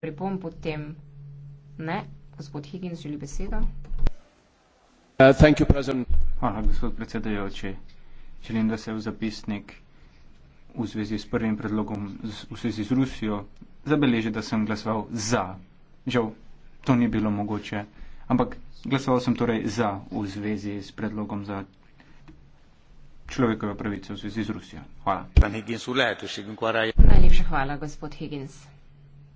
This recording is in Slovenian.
Torej bom potem... Ne, gospod Higgins želi besedo. Uh, thank you, Hvala, gospod predsedajoči. Želim, da se v zapisnik v zvezi s prvim predlogom v zvezi z Rusijo zabeleži, da sem glasoval za. Žal, to ni bilo mogoče, ampak glasoval sem torej za v zvezi s predlogom za človekove pravice v zvezi z Rusijo. Hvala. Najlepša hvala, gospod Higgins.